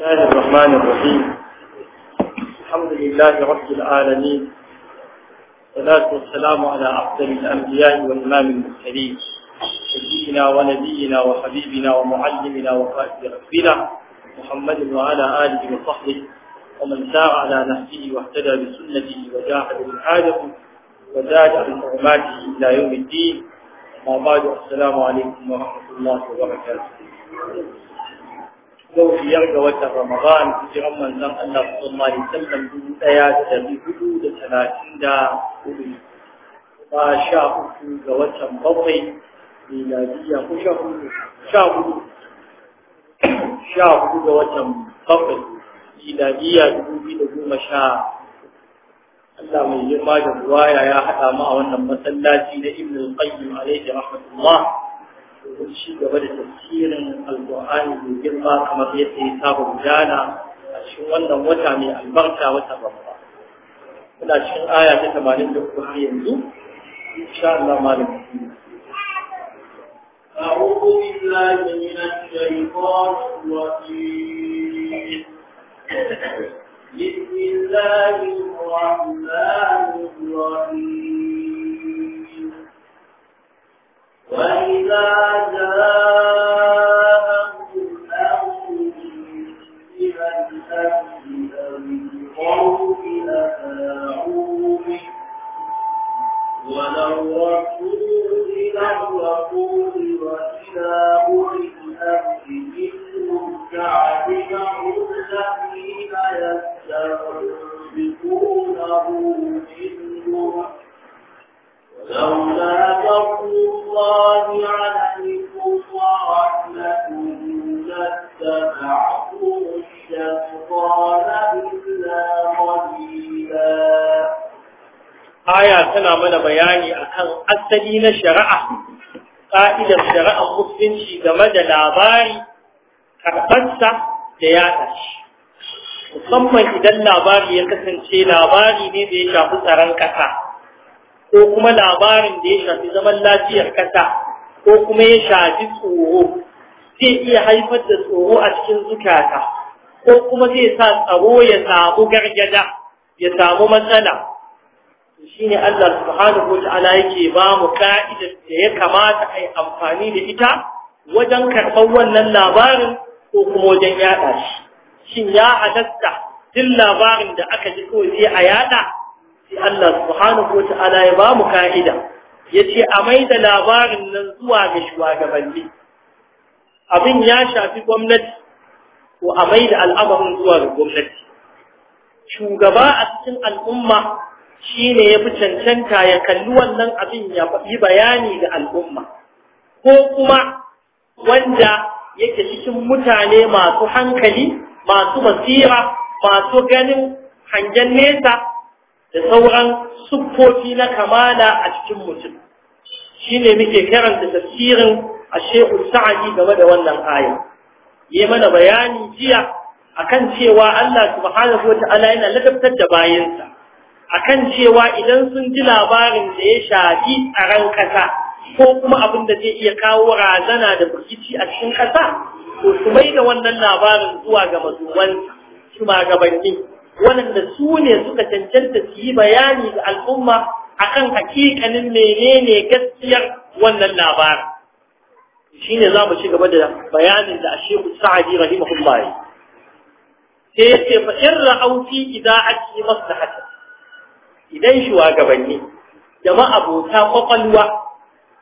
الله الرحمن الرحيم الحمد لله رب العالمين والصلاة والسلام على أفضل الأنبياء والإمام المرسلين سيدنا ونبينا وحبيبنا ومعلمنا وقائد ربنا محمد وعلى آله وصحبه ومن سار على نهجه واهتدى بسنته وجاهد بحاله وزاد عن حرماته إلى يوم الدين ما بعد السلام عليكم ورحمة الله وبركاته yau biyar ga watan Ramadan hijiran manzon Allah sallallahu alaihi wasallam dubu ɗaya da dari hudu da talatin da hudu ba sha uku ga watan bakwai miladiya ko sha hudu sha hudu sha hudu ga watan bakwai miladiya dubu biyu da goma sha Allah mai girma da ruwaya ya haɗa mu a wannan masallaci na Ibn al-Qayyim alaihi rahmatullah domin ci gaba da tafsirin alƙur'ani mai girma kamar yadda ya saba gudana a cikin wannan wata mai albarka wata babba muna cikin aya ta tamanin da kuma yanzu insha Allah malam أعوذ بالله من الشيطان الرجيم بسم الله الرحمن الرحيم وإذا جاء aya tana mana bayani akan asali na shari'a ka'idar shari'ar musulunci game da labari karɓarsa da yaɗa shi musamman idan labari ya kasance labari ne da ya shafi tsaron kasa ko kuma labarin da ya shafi zaman lafiyar kasa ko kuma ya shafi tsoro zai iya haifar da tsoro a cikin zukata ko kuma zai sa tsaro ya samu gargada ya samu matsala ne Allah subhanahu Ta'ala yake ba mu ka'ida da ya kamata a yi amfani da ita wajen karɓar wannan labarin ko kuma wajen yaɗa shi shin ya halatta duk labarin da aka ji kawai sai a yaɗa sai Allah subhanahu Ta'ala ya ba mu ka'ida ya ce a mai da labarin nan zuwa ga shugabanni abin ya shafi gwamnati ko a mai da al'amarin zuwa ga gwamnati shugaba a cikin al'umma shi ne ya fi cancanta ya kalli wannan abin ya yi bayani ga al'umma ko kuma wanda yake cikin mutane masu hankali masu basira masu ganin hangen nesa da sauran siffofi na kamala a cikin mutum shi ne muke karanta tafsirin a shehu sa'adi game da wannan aya yi mana bayani jiya akan cewa Allah subhanahu wa ta'ala yana ladabtar da bayansa akan cewa idan sun ji labarin da ya shafi tsaron ƙasa ko kuma abin da zai iya kawo razana da burkici a cikin ƙasa to su mai da wannan labarin zuwa ga mazuman shugabanni waɗanda su ne suka cancanta su yi bayani ga al'umma akan hakikanin menene gaskiyar wannan labarin shi ne za mu ci gaba da bayanin da ashe ku sa'adi rahimahullahi sai ya ce idan in yi idza da maslahata idan shugabanni da ma'abota kwakwalwa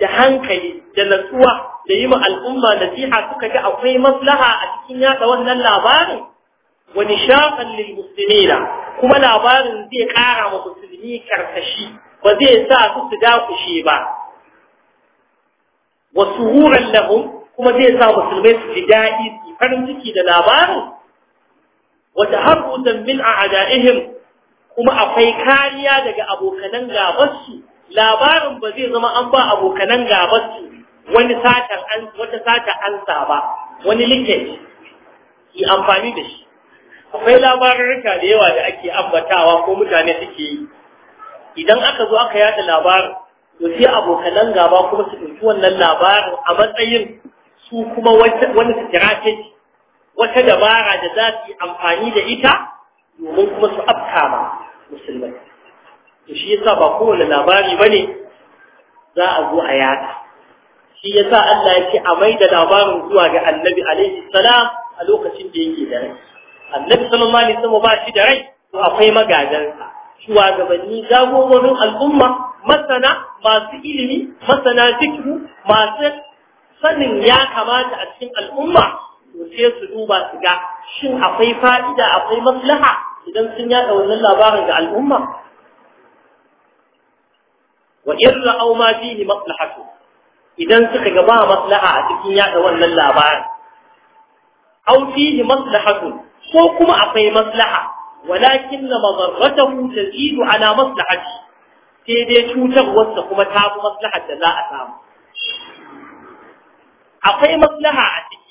da hankali da natsuwa da yi ma al'umma nasiha suka ga akwai maslaha a cikin yada wannan labarin Wani shafan lil kuma labarin zai kara wa musulmi karkashi ba zai sa su su dakushe ba wasu suhuran lahum kuma zai sa musulmai su ji daɗi su farin ciki da labarin wa tahabbutan min a'da'ihim kuma akwai kariya daga abokanan gabarsu labarin ba zai zama an ba abokanan gabarsu wani satar an wata satar ansa ba wani leakage yi amfani da shi akwai rika da yawa da ake ambatawa ko mutane suke yi idan aka zo aka yada labarin to sai abokanan gaba kuma su ɗauki wannan labarin a matsayin su kuma wani strategy wata dabara da za su yi amfani da ita domin kuma su afka ma musulmai to shi yasa ba kowane labari bane za a zo a yada shi yasa Allah ya ce a mai da labarin zuwa ga Annabi alaihi salam a lokacin da yake da rai Annabi sallallahu alaihi wasallam ba shi da rai to akwai magadansa shugabanni jagororin al'umma masana masu ilimi masana fikru masu sanin ya kamata a cikin al'umma to sai su duba su ga shin akwai fa'ida akwai maslaha idan sun yada wannan labarin ga al'umma wa irra aw ma fihi maslahatu idan suka ga ba maslaha a cikin yada wannan labarin aw fihi maslahatu ko kuma akwai maslaha walakin madarratahu tazidu ala maslahati sai dai cutar wasta kuma ta fi maslahar da za a samu akwai maslaha a ciki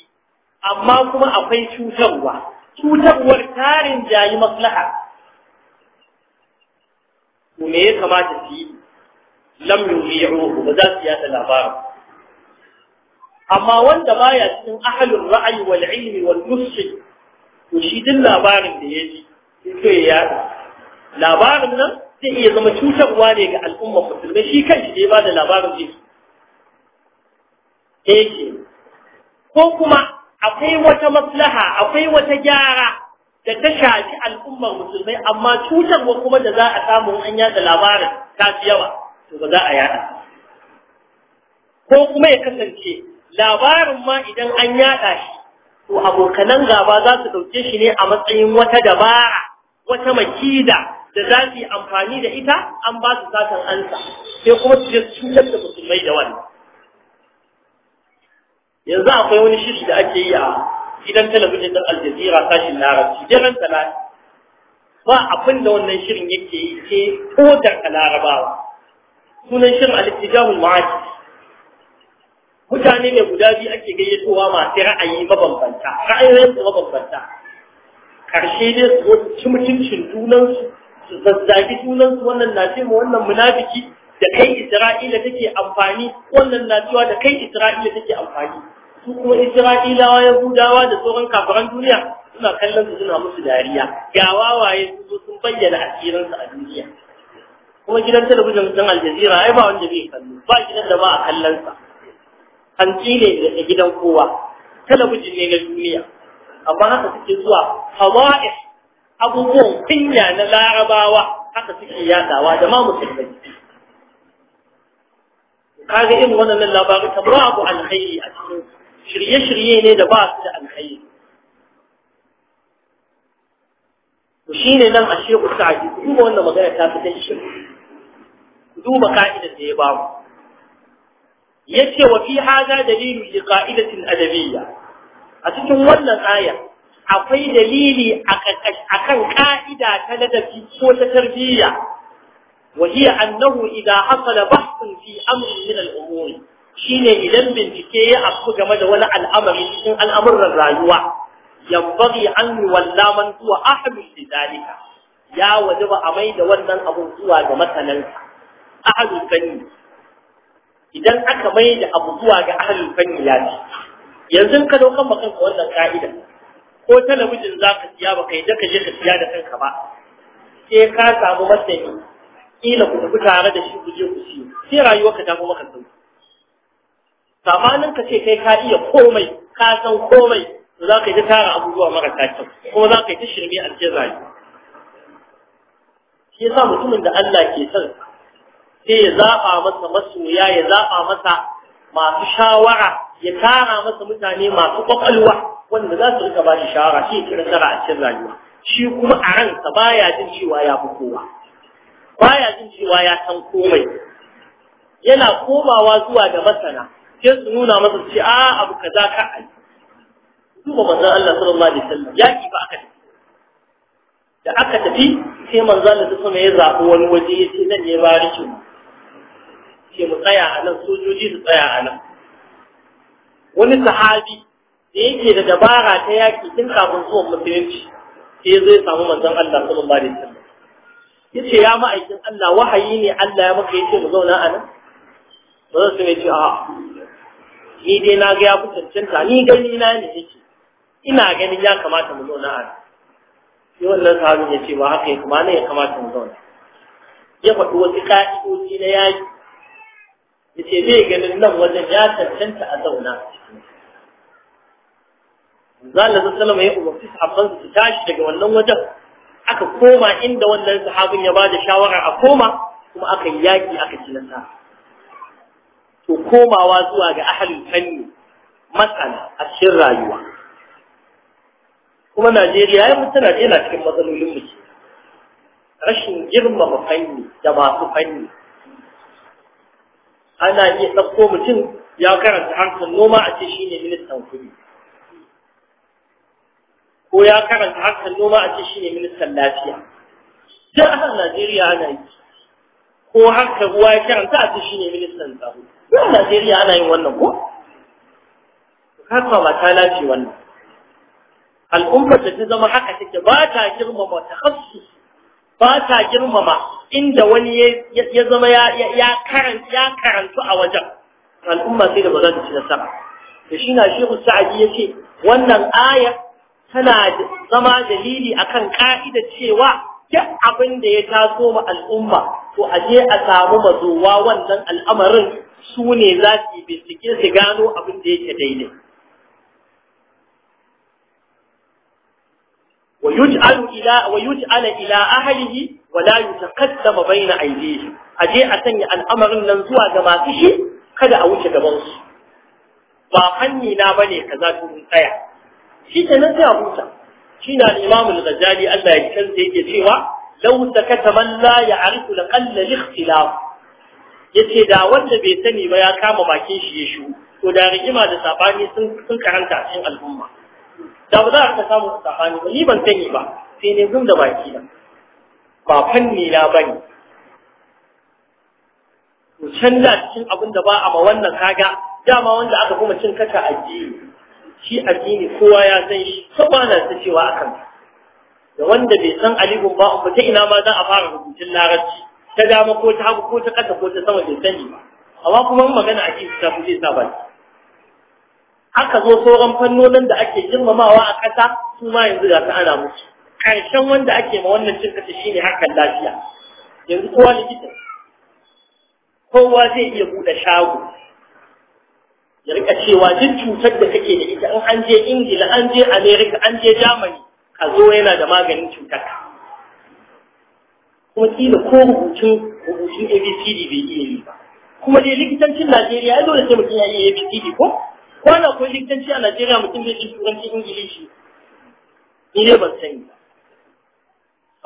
amma kuma akwai cutarwa cutarwar tarin jayi maslaha me ya kamata su yi lam yuri'uhu ba za su yada labarin amma wanda baya cikin ahalin ra'ayi wal ilmi wal nusi to shi din labarin da ya ji to ya yada labarin nan zai iya zama cutarwa ne ga al'umma musulmai shi kanshi ne ba da labarin zai eh, ke ko kuma akwai wata maslaha akwai wata gyara da ta shafi al'ummar musulmai amma cutarwa kuma da za a samu an yada labarin ta fi yawa to ba za a yada ko kuma ya kasance labarin ma idan an yada shi to abokanan gaba za su ɗauke shi ne a matsayin wata dabara wata makida da za su yi amfani da ita an ba su satan ansa sai kuma su je cutar da musulmai da wannan yanzu akwai wani shiri da ake yi a gidan talabijin ɗin aljazira sashin larabci daren talata ba abin da wannan shirin yake yi ke kodar a larabawa sunan shirin alittijahul ma'aki mutane ne guda biyu ake gayyatowa masu ra'ayi mabambanta ra'ayoyin su mabambanta karshe ne su ci mutuncin junansu su zazzagi junansu wannan na ce ma wannan munafiki da kai Isra'ila take amfani wannan na cewa da kai Isra'ila take amfani su kuma Isra'ilawa Yahudawa da sauran kafaran duniya suna kallon su suna musu dariya ga wawaye su sun bayyana asirin su a duniya kuma gidan talabijin ɗin aljazeera, ai ba wanda bai kallo ba gidan da ba a kallon sa hanci ne da gidan kowa talabijin ne na duniya amma haka suke zuwa hawa'is abubuwan kunya na larabawa haka suke yadawa da ma musulmai kaga irin wannan labarin ta babu alkhairi a cikin shirye-shirye ne da ba su da alkhairi to ne nan a shehu sa'adi duba wannan magana ta fi dan shi duba ka'idar da ya ba mu yace wa fi hada dalilu li qa'idatin adabiyya a cikin wannan aya akwai dalili akan ka'ida ta ladabi ko ta tarbiyya وهي أنه إذا حصل بحث في أمر من الأمور شين إذن بنتكي أبقى جمد ولا الأمر من الأمر الرايوة ينبغي أن يولى من هو أحمل لذلك يا وجب أميد ولا أبو سوى جمتنا أحد الفني idan aka mai da abu zuwa ga ya ce yanzu ka daukan bakan kanka wannan ka'ida ko talabijin za ka siya ba kai da ka je ka siya da kanka ba sai ka samu masani kila ku tafi tare da shi ku je ku siyo sai rayuwarka ta kuma kan sauki tsamanin ka ce kai ka iya komai ka san komai za ka yi ta tara abubuwa marasa kyau kuma za ka yi ta shirme a cikin rayuwa shi yasa mutumin da Allah ke son sai ya zaba masa masoya ya zaba masa masu shawara ya tara masa mutane masu kwakwalwa wanda za su rika ba shi shawara shi ya kira a cikin rayuwa shi kuma a ransa baya jin cewa ya fi kowa baya jin cewa ya san komai yana komawa zuwa ga masana sai su nuna masa ce a abu kaza ka ai duba manzon Allah sallallahu alaihi wasallam ya ki ba aka da aka tafi sai manzo Allah sallallahu kuma ya zabo wani waje ya ce nan ne rike ke mu tsaya a nan sojoji su tsaya a nan wani sahabi da yake da dabara ta yaki tun kafin zuwan musulunci sai zai samu manzon Allah sallallahu alaihi wasallam yace ya ma'aikin Allah wahayi ne Allah ya maka yace mu zauna a nan bazan su ne ce a ni dai na ga ya ku cancanta ni gani na ne yake ina ganin ya kamata mu zauna a nan sai wannan sahabin ya ce ba haka ya kuma ya kamata mu zauna ya faɗi wasu ka'idoji na yaƙi ya ce zai ganin nan wajen ya cancanta a zauna zalla sallallahu alaihi sallam ya umarci sahabban su tashi daga wannan wajen aka koma inda wannan sahabin ya bada shawara a koma kuma aka yaki aka ci nasara to komawa zuwa ga halin fanni matsala a cikin rayuwa kuma Najeriya ya mutuna yana cikin matsalolin mu ce rashin girmama fanni da masu fanni ana iya ɗauko mutum ya karanta harkar noma a ce shine ministan kuɗi ko ya karanta harkar noma a ce shi ne ministan lafiya duk a Najeriya ana yi ko harkar ruwa ya karanta a ce shi ne ministan tsaro duk a Najeriya ana yin wannan ko haka ba ta lafi wannan al'ummar da ta zama haka take ba ta girmama ta takhassus ba ta girmama inda wani ya zama ya karantu a wajen al'umma sai da ba za ta ci nasara da shi na shehu sa'adi ya ce wannan aya tana zama dalili akan ka'ida cewa duk abin da ya taso ma al'umma to a je a samu mazowa wannan al'amarin su ne za su bincike su gano abin da yake daidai wa ila wa yuj'ala ila ahlihi wa la yutaqaddama bayna aydihi a a sanya al'amarin nan zuwa ga masu shi kada a wuce gaban su ba fanni na bane kaza to tsaya shi ke nan sai a huta shi na imamu da ghazali Allah ya kansa yake cewa law sakata man la ya'rifu la qalla al-ikhtilaf yace da wanda bai sani ba ya kama bakin shi ya shu to da rigima da sabani sun sun karanta a cikin al'umma da ba za a ka samu sabani ba ni ban sani ba sai ne gum da baki na ba fanni na bane to can cikin abin da ba a ma wannan kaga dama wanda aka kuma cin a ajiye shi addini kowa ya san shi kowa na ta cewa akan da wanda bai san alifin ba ba ta ina ma zan a fara rubutun larabci ta dama ko ta hagu ko ta ƙasa ko ta sama bai sani ba amma kuma magana a ta fi zai sa ba haka zo sauran fannonin da ake girmamawa a ƙasa su ma yanzu ga ta ana musu Karshen wanda ake ma wannan cin kasa shine hakan lafiya yanzu kowa likita kowa zai iya buɗe shago ya rika cewa duk cutar da kake da ita in an je ingila an je america an je germany ka zo yana da maganin cutar ka kuma kila ko rubutun rubutun abcd bai iya yi ba kuma dai likitancin najeriya ya zo sai taimakon ya iya abcd ko kwana ko likitanci a najeriya mutum zai iya turanci ingilishi ni dai ban sani ba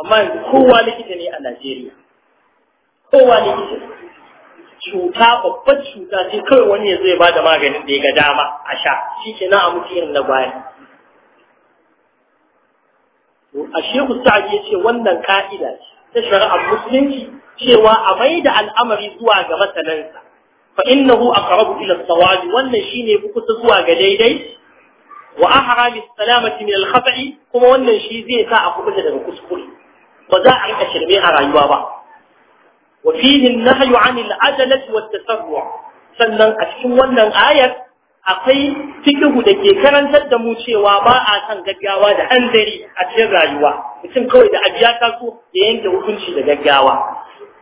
amma yanzu kowa likita ne a najeriya kowa likita ne cuta babbar cuta ce kawai wani ya zai ba da maganin da ya ga dama a sha shi ke na a mutu irin na baya a shehu sa'ad ya ce wannan ka'ida ce ta shari'ar musulunci cewa a mai da al'amari zuwa ga masanansa fa innahu aqrabu ila as wannan shine fi kusa zuwa ga daidai wa ahra bi salamati min al kuma wannan shi zai sa a kubuta daga kuskure ba za a rika shirme a rayuwa ba وفيه النهي عن العجلة والتسرع sannan a cikin wannan ayar akwai fikihu da ke karantar da mu cewa ba a san gaggawa da hanzari a cikin rayuwa mutum kawai da abiya ta so ya yanke hukunci da gaggawa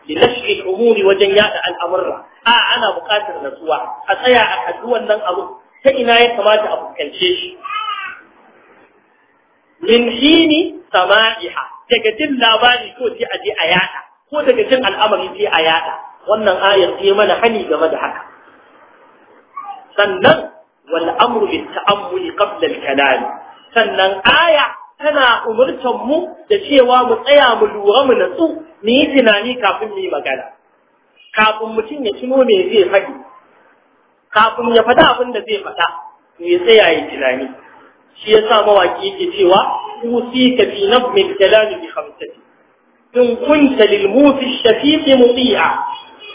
linashi umuri wajen yada al'amurra a ana buƙatar natsuwa a tsaya a kalli wannan abu ta ina ya kamata a fuskance shi min hini sama'iha daga jin labari ko sai a je a yada ko daga cin al'amari sai a yada wannan ayar sai mana hani game da haka sannan wal amru bil ta'ammuli qabla al kalam sannan aya tana umurtan mu da cewa mu tsaya mu lura mu natsu mu yi tunani kafin mu yi magana kafin mutum ya tuno me zai faɗi kafin ya faɗa abin da zai faɗa to ya tsaya ya tunani shi yasa mawaki yake cewa usika fi nafmi al kalam bi khamsati إن كنت للموت الشفيق مطيعا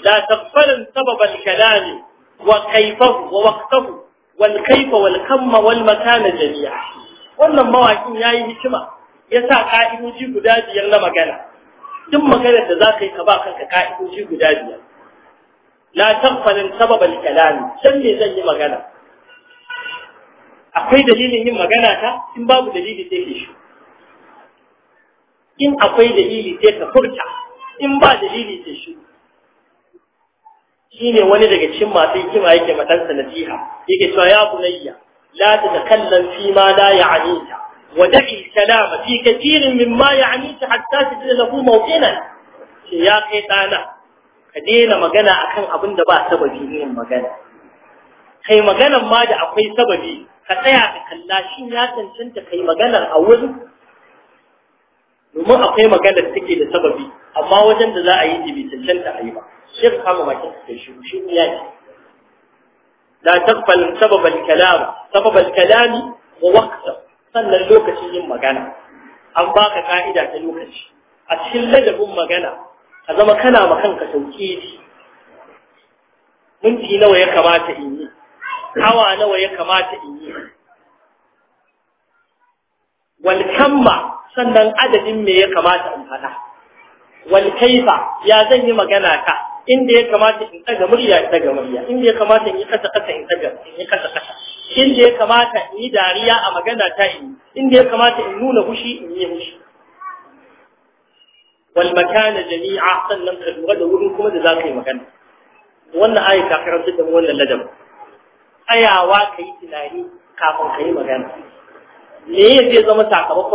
لا تغفلا سبب الكلام وكيفه ووقته والكيف والكم والمكان جميعا wannan mawakin ya yi hikima ya sa ƙa'idoji guda biyar na magana duk maganar da za ka yi ka ba kanka ƙa'idoji guda biyar la taghfalin sababal kalami dan me zan yi magana akwai dalilin yin magana ta in babu dalili sai ke shi in akwai dalili sai ka furta in ba dalili sai shi ne wani daga cikin masu kima yake matansa nasiha yake cewa ya bunayya la tatakallam fi ma la ya'nika wa da'i kalama fi kathirin mimma ya'nika hatta tajid lahu mawqinan ya kai dana ka daina magana akan abin da ba sababi yin magana kai maganan ma da akwai sababi ka tsaya ka kalla shin ya cancanta kai maganar a wurin domin akwai maganar take da sababi amma wajen da za a yi ta cancanta a yi ba shi ka kama bakin ka shi shi ya ce la taqbal sabab al-kalam sabab al kalam wa waqta sannan lokacin yin magana an baka ka'ida ta lokaci a cikin ladabin magana ka zama kana ma kanka tauƙidi minti nawa ya kamata in yi hawa nawa ya kamata in yi wal kamma sannan adadin me ya kamata in faɗa wal kaifa ya zan yi magana ka inda ya kamata in ɗaga murya in ɗaga murya inda ya kamata in yi kasa kasa in ɗaga, in yi kasa kasa inda ya kamata in yi dariya a magana ta in inda ya kamata in nuna fushi in yi fushi. wal makana jami'a sannan ka lura da wurin kuma da za ka yi magana wannan ayi ka karanta da wannan ladabin tsayawa ka yi tunani kafin ka yi magana me zai zama sakamakon